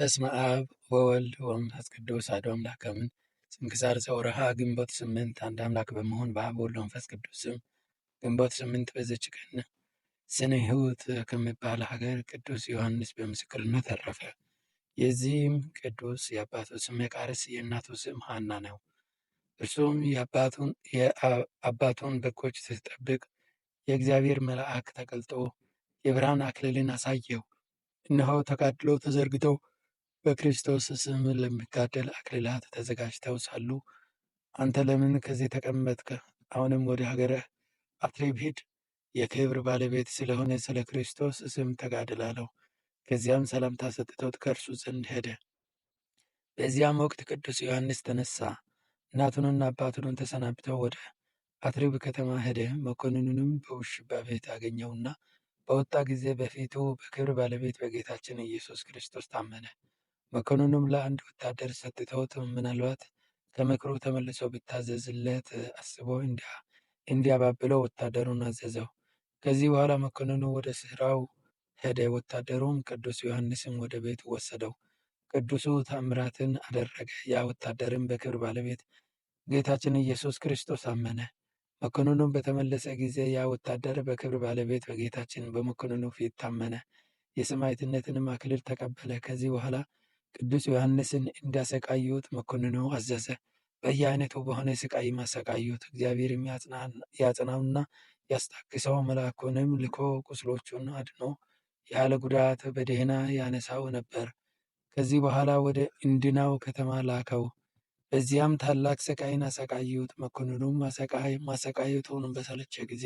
በስመ አብ ወወልድ ወመንፈስ ቅዱስ አሐዱ አምላክ አሜን። ስንክሳር ዘወርኀ ግንቦት ስምንት አንድ አምላክ በመሆን በአብ ወልድ መንፈስ ቅዱስ ግንቦት ስምንት በዚች ቀን ስንሁት ከሚባል ሀገር ቅዱስ ዮሐንስ በምስክርነት አረፈ። የዚህም ቅዱስ የአባቱ ስም መቃርስ የእናቱ ስም ሐና ነው። እርሱም የአባቱን በጎች ስትጠብቅ የእግዚአብሔር መልአክ ተገልጦ የብርሃን አክሊልን አሳየው። እነሆ ተጋድሎ ተዘርግተው በክርስቶስ ስም ለሚጋደል አክሊላት ተዘጋጅተው ሳሉ አንተ ለምን ከዚህ ተቀመጥከ አሁንም ወደ ሀገረ አትሪብ ሂድ። የክብር ባለቤት ስለሆነ ስለ ክርስቶስ ስም ተጋድላለሁ ከዚያም ሰላምታ ሰጥቶት ከእርሱ ዘንድ ሄደ። በዚያም ወቅት ቅዱስ ዮሐንስ ተነሳ፣ እናቱንና አባቱን ተሰናብተው ወደ አትሪብ ከተማ ሄደ። መኮንኑንም በውሽባ ቤት አገኘውና በወጣ ጊዜ በፊቱ በክብር ባለቤት በጌታችን ኢየሱስ ክርስቶስ ታመነ። መኮንኑም ለአንድ ወታደር ሰጥተውት ምናልባት ከምክሩ ተመልሶ ቢታዘዝለት አስቦ እንዲያባብለው ወታደሩን አዘዘው። ከዚህ በኋላ መኮንኑ ወደ ስራው ሄደ። ወታደሩም ቅዱስ ዮሐንስን ወደ ቤቱ ወሰደው። ቅዱሱ ታምራትን አደረገ። ያ ወታደርም በክብር ባለቤት ጌታችን ኢየሱስ ክርስቶስ አመነ። መኮንኑም በተመለሰ ጊዜ ያ ወታደር በክብር ባለቤት በጌታችን በመኮንኑ ፊት ታመነ። የሰማዕትነትንም አክሊል ተቀበለ። ከዚህ በኋላ ቅዱስ ዮሐንስን እንዳሰቃዩት መኮንኑ አዘዘ። በየአይነቱ በሆነ ስቃይ ማሰቃዩት። እግዚአብሔር ያጽናውና ያስታግሰው። መልአኩንም ልኮ ቁስሎቹን አድኖ ያለ ጉዳት በደህና ያነሳው ነበር። ከዚህ በኋላ ወደ እንድናው ከተማ ላከው። በዚያም ታላቅ ስቃይን አሰቃዩት። መኮንኑም ማሰቃየቱን በሰለቸ ጊዜ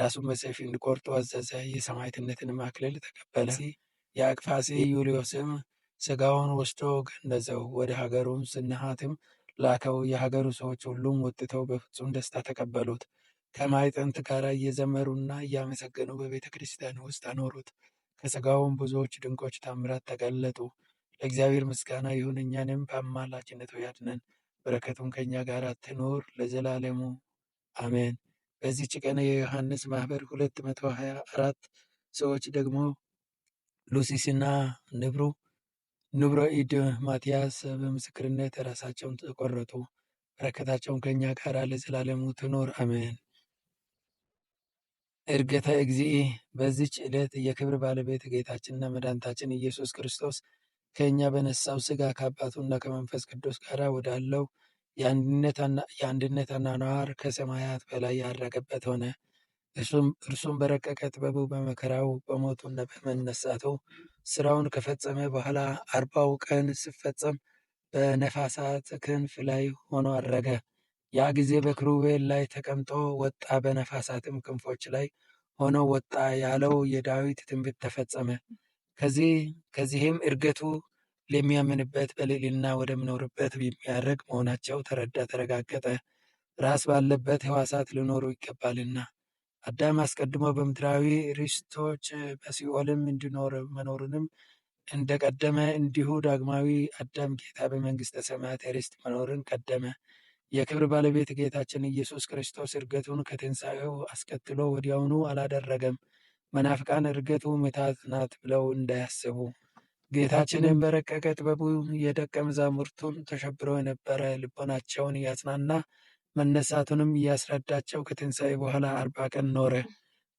ራሱን በሰይፍ እንዲቆርጡ አዘዘ። የሰማዕትነትን አክሊል ተቀበለ። የአቅፋሴ ዩልዮስም ስጋውን ወስዶ ገነዘው፣ ወደ ሀገሩም ስንሃትም ላከው። የሀገሩ ሰዎች ሁሉም ወጥተው በፍጹም ደስታ ተቀበሉት። ከማይጠንት ጋር እየዘመሩና እያመሰገኑ በቤተ ክርስቲያን ውስጥ አኖሩት። ከስጋውም ብዙዎች ድንቆች ታምራት ተገለጡ። ለእግዚአብሔር ምስጋና ይሁን፣ እኛንም በአማላጅነቱ ያድነን፣ በረከቱም ከእኛ ጋር ትኖር ለዘላለሙ አሜን። በዚህች ቀን የዮሐንስ ማህበር ሁለት መቶ ሀያ አራት ሰዎች ደግሞ ሉሲስና ንብሩ ኢድ ማትያስ በምስክርነት ራሳቸውን ተቆረጡ። በረከታቸውን ከእኛ ጋር ለዘላለሙ ትኖር አሜን። እርገታ እግዚእ። በዚች ዕለት የክብር ባለቤት ጌታችንና መድኃኒታችን ኢየሱስ ክርስቶስ ከእኛ በነሳው ሥጋ ከአባቱና ከመንፈስ ቅዱስ ጋር ወዳለው የአንድነት አኗኗር ከሰማያት በላይ ያረገበት ሆነ። እርሱም በረቀቀ ጥበቡ በመከራው በሞቱና በመነሳቱ ስራውን ከፈጸመ በኋላ አርባው ቀን ሲፈጸም በነፋሳት ክንፍ ላይ ሆኖ አረገ። ያ ጊዜ በክሩቤል ላይ ተቀምጦ ወጣ፣ በነፋሳትም ክንፎች ላይ ሆኖ ወጣ ያለው የዳዊት ትንቢት ተፈጸመ። ከዚህም እርገቱ ለሚያምንበት በልዕልና ወደምኖርበት የሚያደርግ መሆናቸው ተረዳ፣ ተረጋገጠ። ራስ ባለበት ህዋሳት ሊኖሩ ይገባልና አዳም አስቀድሞ በምድራዊ ርስቶች በሲኦልም እንዲኖር መኖሩንም እንደቀደመ እንዲሁ ዳግማዊ አዳም ጌታ በመንግስተ ሰማያት ርስት መኖርን ቀደመ። የክብር ባለቤት ጌታችን ኢየሱስ ክርስቶስ እርገቱን ከትንሣኤው አስከትሎ ወዲያውኑ አላደረገም። መናፍቃን እርገቱ ምታት ናት ብለው እንዳያስቡ። ጌታችንን በረቀቀ ጥበቡ የደቀ መዛሙርቱን ተሸብሮ የነበረ ልቦናቸውን እያጽናና መነሳቱንም እያስረዳቸው ከትንሣኤ በኋላ አርባ ቀን ኖረ።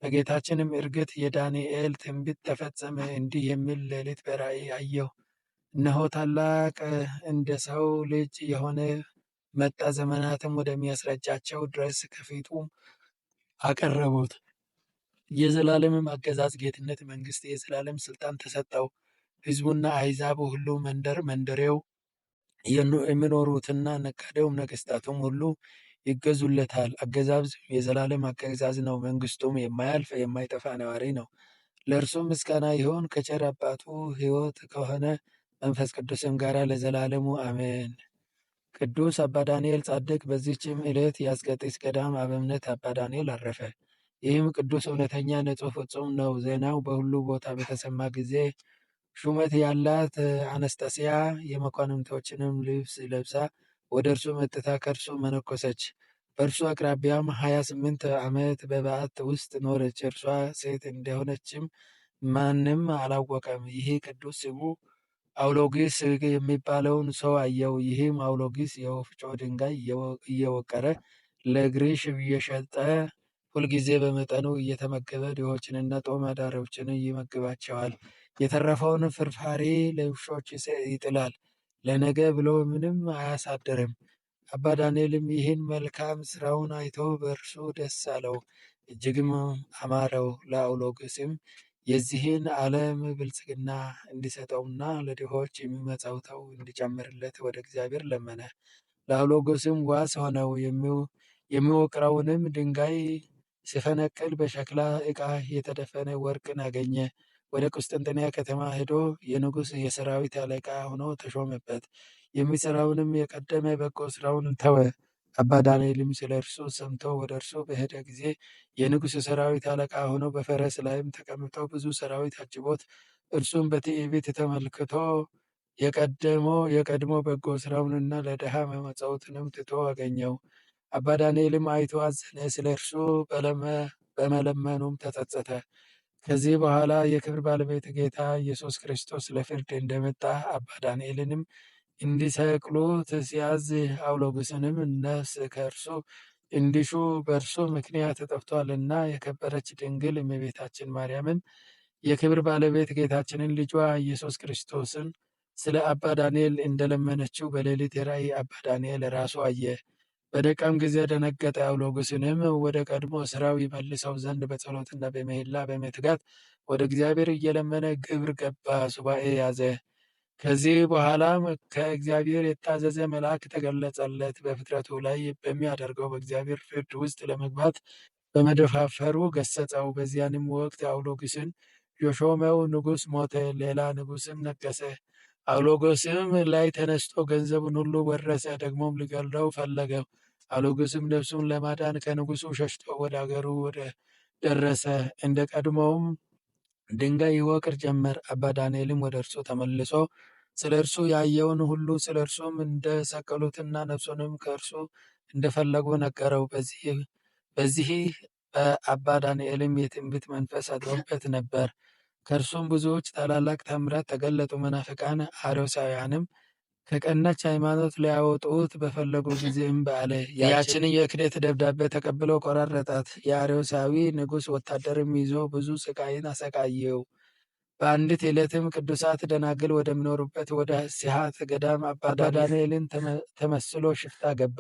በጌታችንም እርግት የዳንኤል ትንቢት ተፈጸመ። እንዲህ የሚል ሌሊት በራእይ አየሁ። እነሆ ታላቅ እንደ ሰው ልጅ የሆነ መጣ። ዘመናትም ወደሚያስረጃቸው ድረስ ከፊቱ አቀረቡት። የዘላለምም አገዛዝ፣ ጌትነት፣ መንግስት፣ የዘላለም ስልጣን ተሰጠው። ህዝቡና አሕዛቡ ሁሉ መንደር መንደሬው የሚኖሩትና ነጋዴውም ነገስታቱም ሁሉ ይገዙለታል። አገዛዝ የዘላለም አገዛዝ ነው። መንግስቱም የማያልፍ የማይጠፋ ነዋሪ ነው። ለእርሱም ምስጋና ይሁን ከቸር አባቱ ሕይወት ከሆነ መንፈስ ቅዱስም ጋር ለዘላለሙ አሜን። ቅዱስ አባ ዳንኤል ጻድቅ። በዚህችም ዕለት የአስቄጥስ ገዳም አበምኔት አባ ዳንኤል አረፈ። ይህም ቅዱስ እውነተኛ፣ ንጹሕ፣ ፍጹም ነው። ዜናው በሁሉ ቦታ በተሰማ ጊዜ ሹመት ያላት አነስታሲያ የመኳንንቶችንም ልብስ ለብሳ ወደ እርሱ መጥታ ከእርሱ መነኮሰች። በእርሱ አቅራቢያም ሀያ ስምንት ዓመት በበዓት ውስጥ ኖረች። እርሷ ሴት እንደሆነችም ማንም አላወቀም። ይህ ቅዱስ ስሙ አውሎጊስ የሚባለውን ሰው አየው። ይህም አውሎጊስ የወፍጮ ድንጋይ እየወቀረ ለግሪሽ እየሸጠ ሁልጊዜ በመጠኑ እየተመገበ ድሆችንና ጦም አዳሪዎችን ይመግባቸዋል። የተረፈውን ፍርፋሪ ለውሾች ይጥላል። ለነገ ብሎ ምንም አያሳድርም። አባ ዳንኤልም ይህን መልካም ስራውን አይቶ በእርሱ ደስ አለው፣ እጅግም አማረው። ለአውሎጎስም የዚህን ዓለም ብልጽግና እንዲሰጠውና ለድሆች የሚመጻውተው እንዲጨምርለት ወደ እግዚአብሔር ለመነ። ለአውሎጎስም ዋስ ሆነው የሚወቅረውንም ድንጋይ ሲፈነቅል በሸክላ ዕቃ የተደፈነ ወርቅን አገኘ። ወደ ቁስጥንጥንያ ከተማ ሄዶ የንጉሥ የሰራዊት አለቃ ሆኖ ተሾመበት። የሚሰራውንም የቀደመ በጎ ስራውን ተወ። አባ ዳንኤልም ስለ እርሱ ሰምቶ ወደ እርሱ በሄደ ጊዜ የንጉሥ ሰራዊት አለቃ ሆኖ በፈረስ ላይም ተቀምጦ ብዙ ሰራዊት አጅቦት፣ እርሱም በትዕቢት ተመልክቶ የቀደሞ የቀድሞ በጎ ስራውንና ለድሃ መመጽወትንም ትቶ አገኘው። አባ ዳንኤልም አይቶ አዘነ፣ ስለ እርሱ በመለመኑም ተጸጸተ። ከዚህ በኋላ የክብር ባለቤት ጌታ ኢየሱስ ክርስቶስ ለፍርድ እንደመጣ አባ ዳንኤልንም እንዲሰቅሉት ሲያዝ አውሎጉስንም ነፍስ ከእርሱ እንዲሹ በእርሱ ምክንያት ጠፍቷልና የከበረች ድንግል እመቤታችን ማርያምን የክብር ባለቤት ጌታችንን ልጇ ኢየሱስ ክርስቶስን ስለ አባ ዳንኤል እንደለመነችው በሌሊት የራእይ አባ ዳንኤል ራሱ አየ። በደቀም ጊዜ ደነገጠ። አውሎጎስንም ወደ ቀድሞ ስራው ይመልሰው ዘንድ በጸሎትና በመሄላ በመትጋት ወደ እግዚአብሔር እየለመነ ግብር ገባ፣ ሱባኤ ያዘ። ከዚህ በኋላም ከእግዚአብሔር የታዘዘ መልአክ ተገለጸለት። በፍጥረቱ ላይ በሚያደርገው በእግዚአብሔር ፍርድ ውስጥ ለመግባት በመደፋፈሩ ገሰጸው። በዚያንም ወቅት አውሎጎስን የሾመው ንጉሥ ሞተ፣ ሌላ ንጉሥም ነገሰ። አውሎጎስም ላይ ተነስቶ ገንዘቡን ሁሉ ወረሰ። ደግሞም ሊገድለው ፈለገው። ሳሉግስም ልብሱን ለማዳን ከንጉሱ ሸሽቶ ወደ አገሩ ወደ ደረሰ። እንደ ቀድሞውም ድንጋይ ይወቅር ጀመር። አባ ዳንኤልም ወደ እርሱ ተመልሶ ስለ እርሱ ያየውን ሁሉ ስለ እርሱም እንደሰቀሉትና ነፍሱንም ከእርሱ እንደፈለጉ ነገረው። በዚህ በአባ ዳንኤልም የትንቢት መንፈስ አድሮበት ነበር። ከእርሱም ብዙዎች ታላላቅ ተአምራት ተገለጡ። መናፍቃን አርዮሳውያንም ከቀናች ሃይማኖት ሊያወጡት በፈለጉ ጊዜም በአለ ያችን የክደት ደብዳቤ ተቀብሎ ቆራረጣት። የአርዮሳዊ ንጉሥ ወታደርም ይዞ ብዙ ስቃይን አሰቃየው። በአንዲት ዕለትም ቅዱሳት ደናግል ወደሚኖሩበት ወደ ሲሃት ገዳም አባ ዳንኤልን ተመስሎ ሽፍታ ገባ።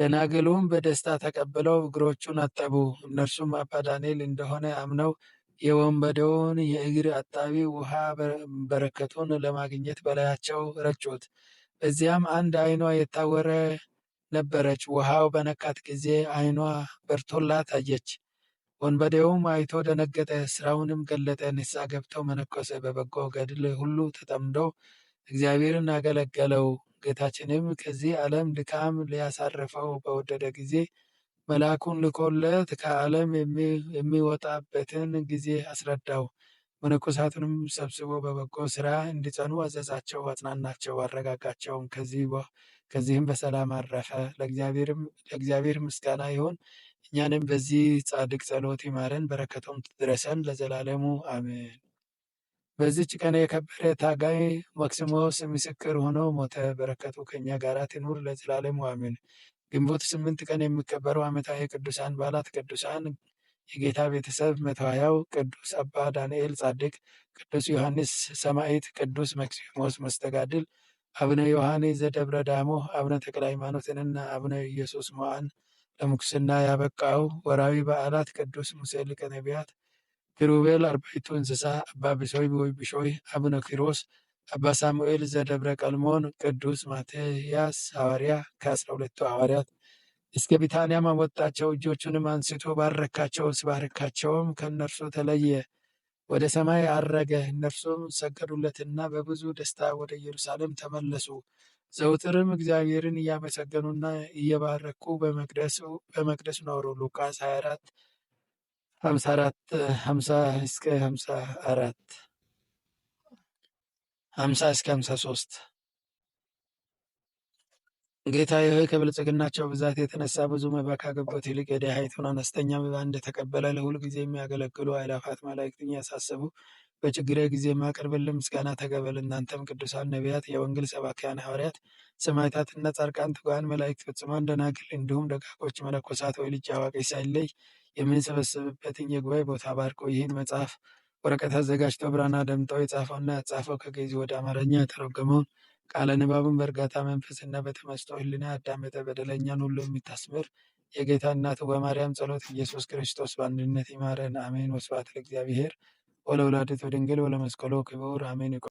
ደናግሉም በደስታ ተቀብለው እግሮቹን አጠቡ። እነርሱም አባ ዳንኤል እንደሆነ አምነው የወንበዴውን የእግር አጣቢ ውሃ በረከቱን ለማግኘት በላያቸው ረጩት። በዚያም አንድ ዓይኗ የታወረ ነበረች። ውሃው በነካት ጊዜ ዓይኗ በርቶላት አየች። ወንበዴውም አይቶ ደነገጠ፣ ስራውንም ገለጠ። ንስሐ ገብቶ መነኮሰ። በበጎ ገድል ሁሉ ተጠምዶ እግዚአብሔርን አገለገለው። ጌታችንም ከዚህ ዓለም ድካም ሊያሳርፈው በወደደ ጊዜ መልአኩን ልኮለት ከዓለም የሚወጣበትን ጊዜ አስረዳው። መነኮሳቱንም ሰብስቦ በበጎ ስራ እንዲጸኑ አዘዛቸው፣ አጽናናቸው፣ አረጋጋቸውም። ከዚህም በሰላም አረፈ። ለእግዚአብሔር ምስጋና ይሁን። እኛንም በዚህ ጻድቅ ጸሎት ይማረን፣ በረከቱም ትድረሰን ለዘላለሙ አሜን። በዚች ቀን የከበረ ታጋይ ማክሲሞስ ምስክር ሆኖ ሞተ። በረከቱ ከኛ ጋራ ትኑር ለዘላለሙ አሜን። ግንቦት ስምንት ቀን የሚከበረው ዓመታዊ የቅዱሳን በዓላት ቅዱሳን የጌታ ቤተሰብ መተዋያው ቅዱስ አባ ዳንኤል ጻድቅ፣ ቅዱስ ዮሐንስ ሰማዕት፣ ቅዱስ መክሲሞስ መስተጋድል፣ አቡነ ዮሐኔ ዘደብረ ዳሞ፣ አቡነ ተክለ ሃይማኖትንና አቡነ ኢየሱስ ሞዓን ለምንኩስና ያበቃው ወራዊ በዓላት ቅዱስ ሙሴ ሊቀ ነቢያት፣ ኪሩቤል፣ አርባዕቱ እንስሳ፣ አባ ብሶይ አቡነ ኪሮስ አባ ሳሙኤል ዘደብረ ቀልሞን ቅዱስ ማትያስ ሐዋርያ ከአስራ ሁለቱ ሐዋርያት እስከ ቢታንያም አወጣቸው። እጆቹንም አንስቶ ባረካቸው። ሲባርካቸውም ከእነርሱ ተለየ፣ ወደ ሰማይ አረገ። እነርሱም ሰገዱለትና በብዙ ደስታ ወደ ኢየሩሳሌም ተመለሱ። ዘውትርም እግዚአብሔርን እያመሰገኑና እየባረኩ በመቅደስ ኖሩ። ሉቃስ 24 54 50 እስከ 54 ሀምሳ እስከ ሀምሳ ሶስት ጌታዬ ሆይ ከብልጽግናቸው ብዛት የተነሳ ብዙ መባ ካገቡት ይልቅ የድሃይቱን አነስተኛ መባ እንደተቀበለ ለሁል ጊዜ የሚያገለግሉ አእላፋት መላእክትን ያሳሰቡ በችግሬ ጊዜ ማቅርብልን ምስጋና ተቀበል። እናንተም ቅዱሳን ነቢያት፣ የወንጌል ሰባኪያን ሐዋርያት፣ ሰማዕታትና ጻድቃን፣ ትጉሃን መላእክት፣ ፍጹማን ደናግል እንዲሁም ደጋቆች መነኮሳት ወይ ልጅ አዋቂ ሳይለይ የምንሰበሰብበትን የጉባኤ ቦታ ባርቆ ይህን መጽሐፍ ወረቀት አዘጋጅተው ብራና ደምጠው የጻፈውና ያጻፈው ከግዕዝ ወደ አማርኛ የተረጎመውን ቃለ ንባቡን በእርጋታ መንፈስና በተመስጦ ሕሊና ያዳመጠ በደለኛን ሁሉ የምታስምር የጌታ እናቱ በማርያም ጸሎት ኢየሱስ ክርስቶስ በአንድነት ይማረን። አሜን። ወስብሐት ለእግዚአብሔር ወለወላዲቱ ድንግል ወለመስቀሉ ክቡር አሜን።